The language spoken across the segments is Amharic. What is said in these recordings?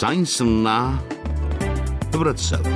ሳይንስና ህብረተሰብ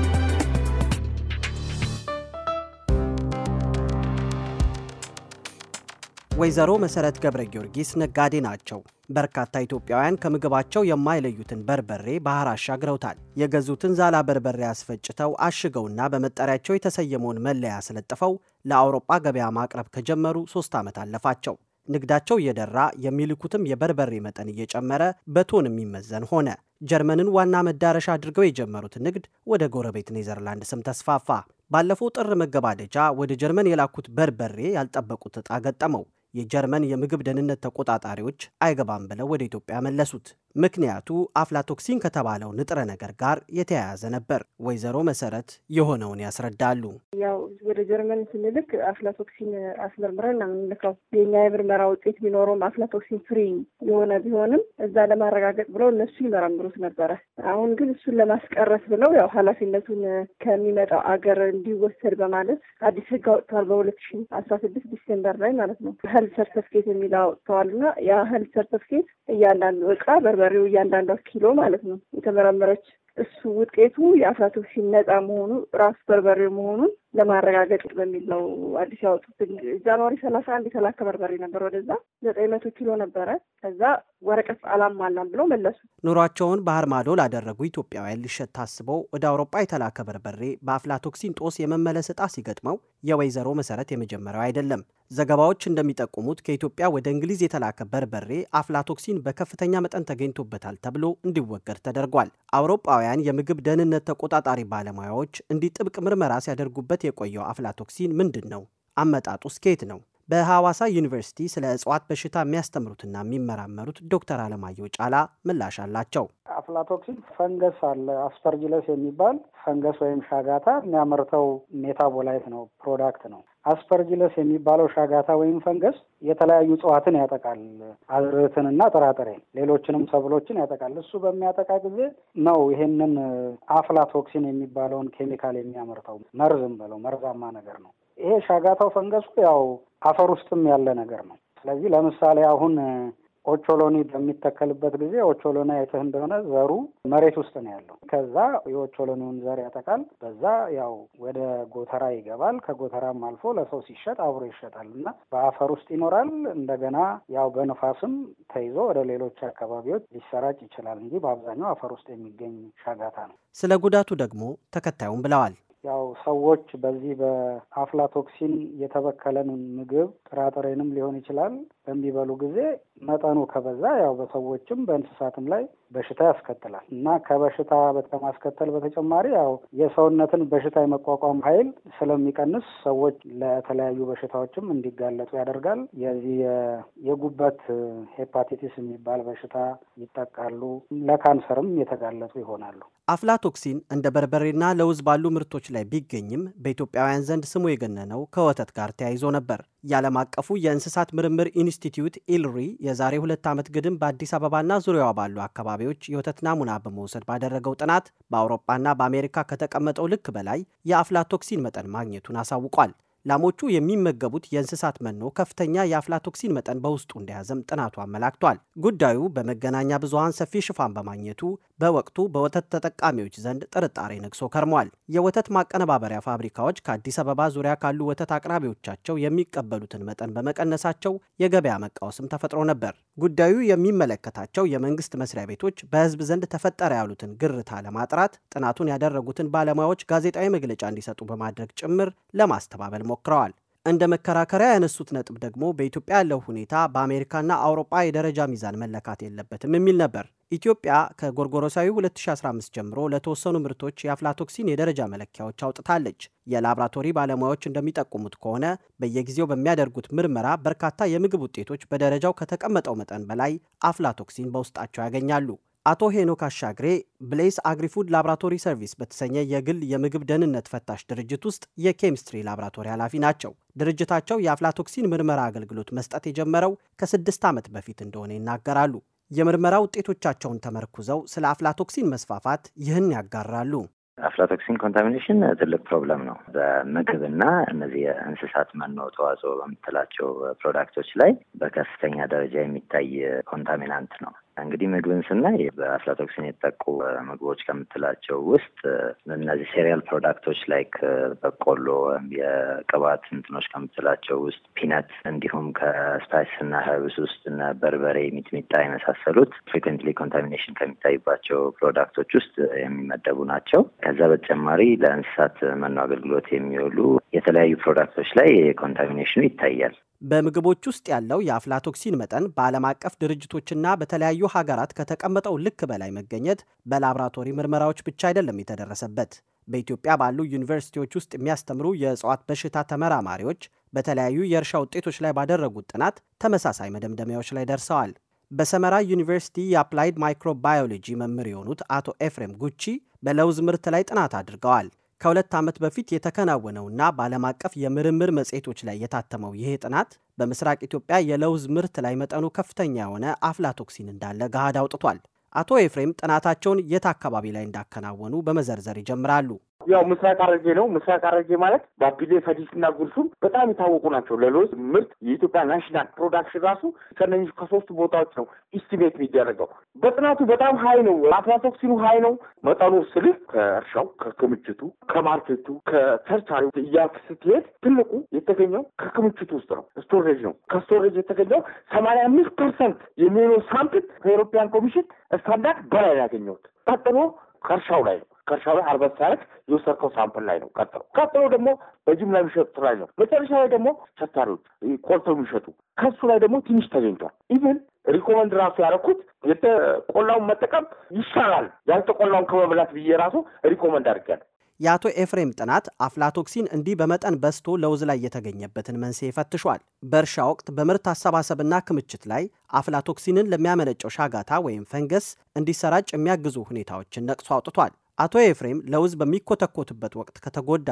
ወይዘሮ መሰረት ገብረ ጊዮርጊስ ነጋዴ ናቸው። በርካታ ኢትዮጵያውያን ከምግባቸው የማይለዩትን በርበሬ ባህር አሻግረውታል። የገዙትን ዛላ በርበሬ አስፈጭተው አሽገውና በመጠሪያቸው የተሰየመውን መለያ አስለጥፈው ለአውሮጳ ገበያ ማቅረብ ከጀመሩ ሶስት ዓመት አለፋቸው። ንግዳቸው እየደራ የሚልኩትም የበርበሬ መጠን እየጨመረ በቶን የሚመዘን ሆነ። ጀርመንን ዋና መዳረሻ አድርገው የጀመሩት ንግድ ወደ ጎረቤት ኔዘርላንድ ስም ተስፋፋ። ባለፈው ጥር መገባደጃ ወደ ጀርመን የላኩት በርበሬ ያልጠበቁት ጣ ገጠመው። የጀርመን የምግብ ደህንነት ተቆጣጣሪዎች አይገባም ብለው ወደ ኢትዮጵያ መለሱት። ምክንያቱ አፍላቶክሲን ከተባለው ንጥረ ነገር ጋር የተያያዘ ነበር። ወይዘሮ መሰረት የሆነውን ያስረዳሉ። ያው ወደ ጀርመን ስንልክ አፍላቶክሲን አስመርምረን ነው የምንልከው። የኛ የምርመራ ውጤት ቢኖረውም አፍላቶክሲን ፍሪ የሆነ ቢሆንም እዛ ለማረጋገጥ ብለው እነሱ ይመረምሩት ነበረ። አሁን ግን እሱን ለማስቀረት ብለው ያው ኃላፊነቱን ከሚመጣው አገር እንዲወሰድ በማለት አዲስ ሕግ አውጥተዋል በሁለት ሺ አስራ ስድስት ዲሴምበር ላይ ማለት ነው። ህል ሰርተፍኬት የሚለው አውጥተዋል እና ያ ህል ሰርተፍኬት እያንዳንዱ እቃ በርበ በሬው እያንዳንዷ ኪሎ ማለት ነው የተመረመረች እሱ ውጤቱ የአፍላቶክሲን ነፃ መሆኑ ራሱ በርበሬው መሆኑን ለማረጋገጥ በሚል ነው አዲስ ያወጡት። ጃንዋሪ ሰላሳ አንድ የተላከ በርበሬ ነበር ወደዛ ዘጠኝ መቶ ኪሎ ነበረ። ከዛ ወረቀት አላሟላም ብለው መለሱ። ኑሯቸውን ባህር ማዶ ላደረጉ ኢትዮጵያውያን ሊሸጥ ታስበው ወደ አውሮፓ የተላከ በርበሬ በአፍላቶክሲን ጦስ የመመለስ እጣ ሲገጥመው የወይዘሮ መሰረት የመጀመሪያው አይደለም። ዘገባዎች እንደሚጠቁሙት ከኢትዮጵያ ወደ እንግሊዝ የተላከ በርበሬ አፍላቶክሲን በከፍተኛ መጠን ተገኝቶበታል ተብሎ እንዲወገድ ተደርጓል። አውሮጳውያን የምግብ ደህንነት ተቆጣጣሪ ባለሙያዎች እንዲህ ጥብቅ ምርመራ ሲያደርጉበት የቆየው አፍላቶክሲን ምንድን ነው? አመጣጡ ስኬት ነው? በሐዋሳ ዩኒቨርሲቲ ስለ እጽዋት በሽታ የሚያስተምሩትና የሚመራመሩት ዶክተር አለማየሁ ጫላ ምላሽ አላቸው። አፍላቶክሲን ፈንገስ አለ አስፐርጅለስ የሚባል ፈንገስ ወይም ሻጋታ የሚያመርተው ሜታቦላይት ነው፣ ፕሮዳክት ነው። አስፐርጅለስ የሚባለው ሻጋታ ወይም ፈንገስ የተለያዩ እጽዋትን ያጠቃል። አዝርዕትንና ጥራጥሬን፣ ሌሎችንም ሰብሎችን ያጠቃል። እሱ በሚያጠቃ ጊዜ ነው ይሄንን አፍላቶክሲን የሚባለውን ኬሚካል የሚያመርተው። መርዝም በለው መርዛማ ነገር ነው። ይሄ ሻጋታው ፈንገሱ ያው አፈር ውስጥም ያለ ነገር ነው። ስለዚህ ለምሳሌ አሁን ኦቾሎኒ በሚተከልበት ጊዜ ኦቾሎኒ አይተህ እንደሆነ ዘሩ መሬት ውስጥ ነው ያለው። ከዛ የኦቾሎኒውን ዘር ያጠቃል። በዛ ያው ወደ ጎተራ ይገባል። ከጎተራም አልፎ ለሰው ሲሸጥ አብሮ ይሸጣል እና በአፈር ውስጥ ይኖራል። እንደገና ያው በንፋስም ተይዞ ወደ ሌሎች አካባቢዎች ሊሰራጭ ይችላል እንጂ በአብዛኛው አፈር ውስጥ የሚገኝ ሻጋታ ነው። ስለ ጉዳቱ ደግሞ ተከታዩም ብለዋል። ያው ሰዎች በዚህ በአፍላቶክሲን የተበከለን ምግብ ጥራጥሬንም ሊሆን ይችላል በሚበሉ ጊዜ መጠኑ ከበዛ ያው በሰዎችም በእንስሳትም ላይ በሽታ ያስከትላል እና ከበሽታ ከማስከተል በተጨማሪ ያው የሰውነትን በሽታ የመቋቋም ኃይል ስለሚቀንስ ሰዎች ለተለያዩ በሽታዎችም እንዲጋለጡ ያደርጋል። የዚህ የጉበት ሄፓቲቲስ የሚባል በሽታ ይጠቃሉ። ለካንሰርም የተጋለጡ ይሆናሉ። አፍላቶክሲን እንደ በርበሬና ለውዝ ባሉ ምርቶች ላይ ቢገኝም በኢትዮጵያውያን ዘንድ ስሙ የገነነው ከወተት ጋር ተያይዞ ነበር። የዓለም አቀፉ የእንስሳት ምርምር ኢንስቲትዩት ኢልሪ የዛሬ ሁለት ዓመት ግድም በአዲስ አበባና ዙሪያዋ ባሉ አካባቢዎች የወተት ናሙና በመውሰድ ባደረገው ጥናት በአውሮፓና በአሜሪካ ከተቀመጠው ልክ በላይ የአፍላቶክሲን መጠን ማግኘቱን አሳውቋል። ላሞቹ የሚመገቡት የእንስሳት መኖ ከፍተኛ የአፍላ ቶክሲን መጠን በውስጡ እንደያዘም ጥናቱ አመላክቷል። ጉዳዩ በመገናኛ ብዙሃን ሰፊ ሽፋን በማግኘቱ በወቅቱ በወተት ተጠቃሚዎች ዘንድ ጥርጣሬ ነግሶ ከርሟል። የወተት ማቀነባበሪያ ፋብሪካዎች ከአዲስ አበባ ዙሪያ ካሉ ወተት አቅራቢዎቻቸው የሚቀበሉትን መጠን በመቀነሳቸው የገበያ መቃወስም ተፈጥሮ ነበር። ጉዳዩ የሚመለከታቸው የመንግስት መስሪያ ቤቶች በህዝብ ዘንድ ተፈጠረ ያሉትን ግርታ ለማጥራት ጥናቱን ያደረጉትን ባለሙያዎች ጋዜጣዊ መግለጫ እንዲሰጡ በማድረግ ጭምር ለማስተባበል ሞክረዋል። እንደ መከራከሪያ ያነሱት ነጥብ ደግሞ በኢትዮጵያ ያለው ሁኔታ በአሜሪካና አውሮፓ የደረጃ ሚዛን መለካት የለበትም የሚል ነበር። ኢትዮጵያ ከጎርጎሮሳዊ 2015 ጀምሮ ለተወሰኑ ምርቶች የአፍላቶክሲን የደረጃ መለኪያዎች አውጥታለች። የላብራቶሪ ባለሙያዎች እንደሚጠቁሙት ከሆነ በየጊዜው በሚያደርጉት ምርመራ በርካታ የምግብ ውጤቶች በደረጃው ከተቀመጠው መጠን በላይ አፍላቶክሲን በውስጣቸው ያገኛሉ። አቶ ሄኖክ አሻግሬ ብሌስ አግሪፉድ ላብራቶሪ ሰርቪስ በተሰኘ የግል የምግብ ደህንነት ፈታሽ ድርጅት ውስጥ የኬሚስትሪ ላብራቶሪ ኃላፊ ናቸው። ድርጅታቸው የአፍላቶክሲን ምርመራ አገልግሎት መስጠት የጀመረው ከስድስት ዓመት በፊት እንደሆነ ይናገራሉ። የምርመራ ውጤቶቻቸውን ተመርኩዘው ስለ አፍላቶክሲን መስፋፋት ይህን ያጋራሉ። አፍላቶክሲን ኮንታሚኔሽን ትልቅ ፕሮብለም ነው። በምግብና እነዚህ የእንስሳት መኖ ተዋጽኦ በምትላቸው ፕሮዳክቶች ላይ በከፍተኛ ደረጃ የሚታይ ኮንታሚናንት ነው። እንግዲህ ምግብን ስናይ በአፍላቶክሲን የተጠቁ ምግቦች ከምትላቸው ውስጥ እነዚህ ሴሪያል ፕሮዳክቶች ላይክ በቆሎ፣ የቅባት እንትኖች ከምትላቸው ውስጥ ፒነት፣ እንዲሁም ከስፓይስ እና ሀርብስ ውስጥ እነ በርበሬ፣ ሚጥሚጣ የመሳሰሉት ፍሪኩዌንትሊ ኮንታሚኔሽን ከሚታይባቸው ፕሮዳክቶች ውስጥ የሚመደቡ ናቸው። ከዛ በተጨማሪ ለእንስሳት መኖ አገልግሎት የሚውሉ የተለያዩ ፕሮዳክቶች ላይ ኮንታሚኔሽኑ ይታያል። በምግቦች ውስጥ ያለው የአፍላቶክሲን መጠን በዓለም አቀፍ ድርጅቶችና በተለያዩ ሀገራት ከተቀመጠው ልክ በላይ መገኘት በላብራቶሪ ምርመራዎች ብቻ አይደለም የተደረሰበት። በኢትዮጵያ ባሉ ዩኒቨርሲቲዎች ውስጥ የሚያስተምሩ የእጽዋት በሽታ ተመራማሪዎች በተለያዩ የእርሻ ውጤቶች ላይ ባደረጉት ጥናት ተመሳሳይ መደምደሚያዎች ላይ ደርሰዋል። በሰመራ ዩኒቨርሲቲ የአፕላይድ ማይክሮባዮሎጂ መምህር የሆኑት አቶ ኤፍሬም ጉቺ በለውዝ ምርት ላይ ጥናት አድርገዋል። ከሁለት ዓመት በፊት የተከናወነውና በዓለም አቀፍ የምርምር መጽሔቶች ላይ የታተመው ይህ ጥናት በምስራቅ ኢትዮጵያ የለውዝ ምርት ላይ መጠኑ ከፍተኛ የሆነ አፍላቶክሲን እንዳለ ገሃድ አውጥቷል። አቶ ኤፍሬም ጥናታቸውን የት አካባቢ ላይ እንዳከናወኑ በመዘርዘር ይጀምራሉ። ያው ምስራቅ አረጌ ነው። ምስራቅ አረጌ ማለት ባቢሌ ና ጉልሱም በጣም የታወቁ ናቸው። ለሎዝ ምርት የኢትዮጵያ ናሽናል ፕሮዳክሽን ራሱ ከነኝ ከሶስቱ ቦታዎች ነው ኢስቲሜት የሚደረገው። በጥናቱ በጣም ሀይ ነው። አፍላቶክሲኑ ሀይ ነው። መጠኑ ስልህ ከእርሻው ከክምችቱ፣ ከማርኬቱ፣ ከተርቻሪ እያልክ ስትሄድ ትልቁ የተገኘው ከክምችቱ ውስጥ ነው። ስቶሬጅ ነው። ከስቶሬጅ የተገኘው ሰማንያ አምስት ፐርሰንት የሚሆነው ሳምፕል ከኤሮፒያን ኮሚሽን ስታንዳርድ በላይ ያገኘሁት ቀጥሎ ከእርሻው ላይ ነው። ከእርሻው ላይ አርበት ሳያረግ የወሰድከው ሳምፕል ላይ ነው። ቀጥሎ ቀጥሎ ደግሞ በጅምላ የሚሸጡት ላይ ነው። መጨረሻ ላይ ደግሞ ቸታሪዎች ቆልተው የሚሸጡ ከሱ ላይ ደግሞ ትንሽ ተገኝቷል። ኢቨን ሪኮመንድ ራሱ ያደረኩት የተቆላውን መጠቀም ይሻላል ያልተቆላውን ከመብላት ብዬ ራሱ ሪኮመንድ አድርጋለሁ። የአቶ ኤፍሬም ጥናት አፍላቶክሲን እንዲህ በመጠን በዝቶ ለውዝ ላይ የተገኘበትን መንስኤ ፈትሿል። በእርሻ ወቅት በምርት አሰባሰብና ክምችት ላይ አፍላቶክሲንን ለሚያመነጨው ሻጋታ ወይም ፈንገስ እንዲሰራጭ የሚያግዙ ሁኔታዎችን ነቅሶ አውጥቷል። አቶ ኤፍሬም ለውዝ በሚኮተኮትበት ወቅት ከተጎዳ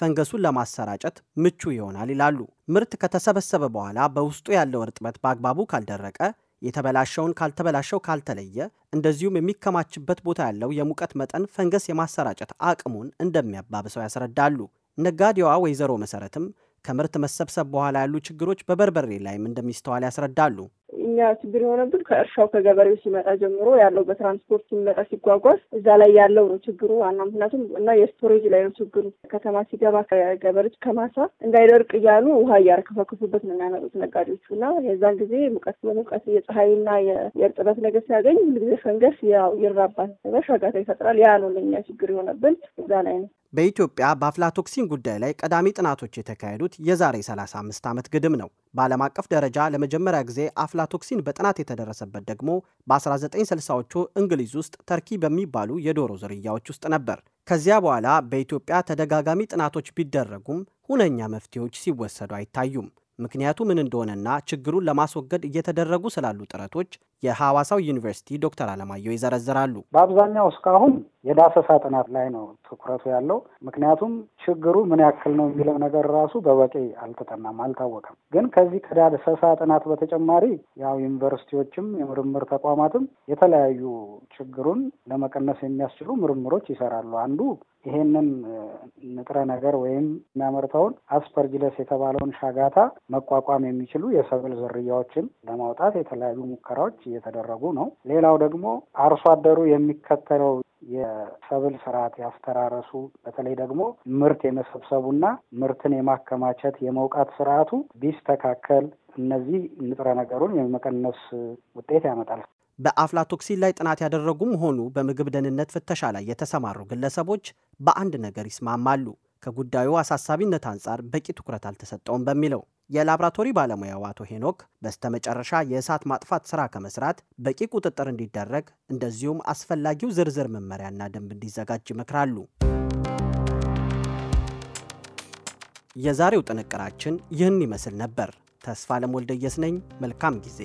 ፈንገሱን ለማሰራጨት ምቹ ይሆናል ይላሉ። ምርት ከተሰበሰበ በኋላ በውስጡ ያለው እርጥበት በአግባቡ ካልደረቀ የተበላሸውን ካልተበላሸው ካልተለየ እንደዚሁም የሚከማችበት ቦታ ያለው የሙቀት መጠን ፈንገስ የማሰራጨት አቅሙን እንደሚያባብሰው ያስረዳሉ። ነጋዴዋ ወይዘሮ መሰረትም ከምርት መሰብሰብ በኋላ ያሉ ችግሮች በበርበሬ ላይም እንደሚስተዋል ያስረዳሉ። ከፍተኛ ችግር የሆነብን ከእርሻው ከገበሬው ሲመጣ ጀምሮ ያለው በትራንስፖርት ሲመጣ ሲጓጓዝ እዛ ላይ ያለው ነው ችግሩ ዋና ምክንያቱም እና የስቶሬጅ ላይ ነው ችግሩ። ከተማ ሲገባ ገበሬዎች ከማሳ እንዳይደርቅ እያሉ ውሃ እያርከፈከፉበት ነው የሚያመጡት ነጋዴዎቹ እና የዛን ጊዜ ሙቀት በሙቀት የፀሐይና የእርጥበት ነገር ሲያገኝ ሁልጊዜ ፈንገስ ያው ይራባል፣ በሻጋታ ይፈጥራል። ያ ነው ለኛ ችግር የሆነብን እዛ ላይ ነው። በኢትዮጵያ በአፍላቶክሲን ጉዳይ ላይ ቀዳሚ ጥናቶች የተካሄዱት የዛሬ 35 ዓመት ግድም ነው። በዓለም አቀፍ ደረጃ ለመጀመሪያ ጊዜ አፍላቶክሲን በጥናት የተደረሰበት ደግሞ በ1960ዎቹ እንግሊዝ ውስጥ ተርኪ በሚባሉ የዶሮ ዝርያዎች ውስጥ ነበር። ከዚያ በኋላ በኢትዮጵያ ተደጋጋሚ ጥናቶች ቢደረጉም ሁነኛ መፍትሄዎች ሲወሰዱ አይታዩም። ምክንያቱ ምን እንደሆነና ችግሩን ለማስወገድ እየተደረጉ ስላሉ ጥረቶች የሐዋሳው ዩኒቨርሲቲ ዶክተር አለማየሁ ይዘረዝራሉ። በአብዛኛው እስካሁን የዳሰሳ ጥናት ላይ ነው ትኩረቱ ያለው። ምክንያቱም ችግሩ ምን ያክል ነው የሚለው ነገር ራሱ በበቂ አልተጠናም፣ አልታወቀም። ግን ከዚህ ከዳሰሳ ጥናት በተጨማሪ ያው ዩኒቨርሲቲዎችም የምርምር ተቋማትም የተለያዩ ችግሩን ለመቀነስ የሚያስችሉ ምርምሮች ይሰራሉ። አንዱ ይሄንን ንጥረ ነገር ወይም የሚያመርተውን አስፐርጅለስ የተባለውን ሻጋታ መቋቋም የሚችሉ የሰብል ዝርያዎችን ለማውጣት የተለያዩ ሙከራዎች እየተደረጉ ነው። ሌላው ደግሞ አርሶ አደሩ የሚከተለው የሰብል ስርዓት ያስተራረሱ በተለይ ደግሞ ምርት የመሰብሰቡና ምርትን የማከማቸት የመውቃት ስርዓቱ ቢስተካከል እነዚህ ንጥረ ነገሩን የመቀነስ ውጤት ያመጣል። በአፍላቶክሲን ላይ ጥናት ያደረጉም ሆኑ በምግብ ደህንነት ፍተሻ ላይ የተሰማሩ ግለሰቦች በአንድ ነገር ይስማማሉ። ከጉዳዩ አሳሳቢነት አንጻር በቂ ትኩረት አልተሰጠውም በሚለው የላብራቶሪ ባለሙያው አቶ ሄኖክ በስተመጨረሻ የእሳት ማጥፋት ስራ ከመስራት በቂ ቁጥጥር እንዲደረግ እንደዚሁም አስፈላጊው ዝርዝር መመሪያና ደንብ እንዲዘጋጅ ይመክራሉ። የዛሬው ጥንቅራችን ይህን ይመስል ነበር። ተስፋ ለሞልደየስ ነኝ። መልካም ጊዜ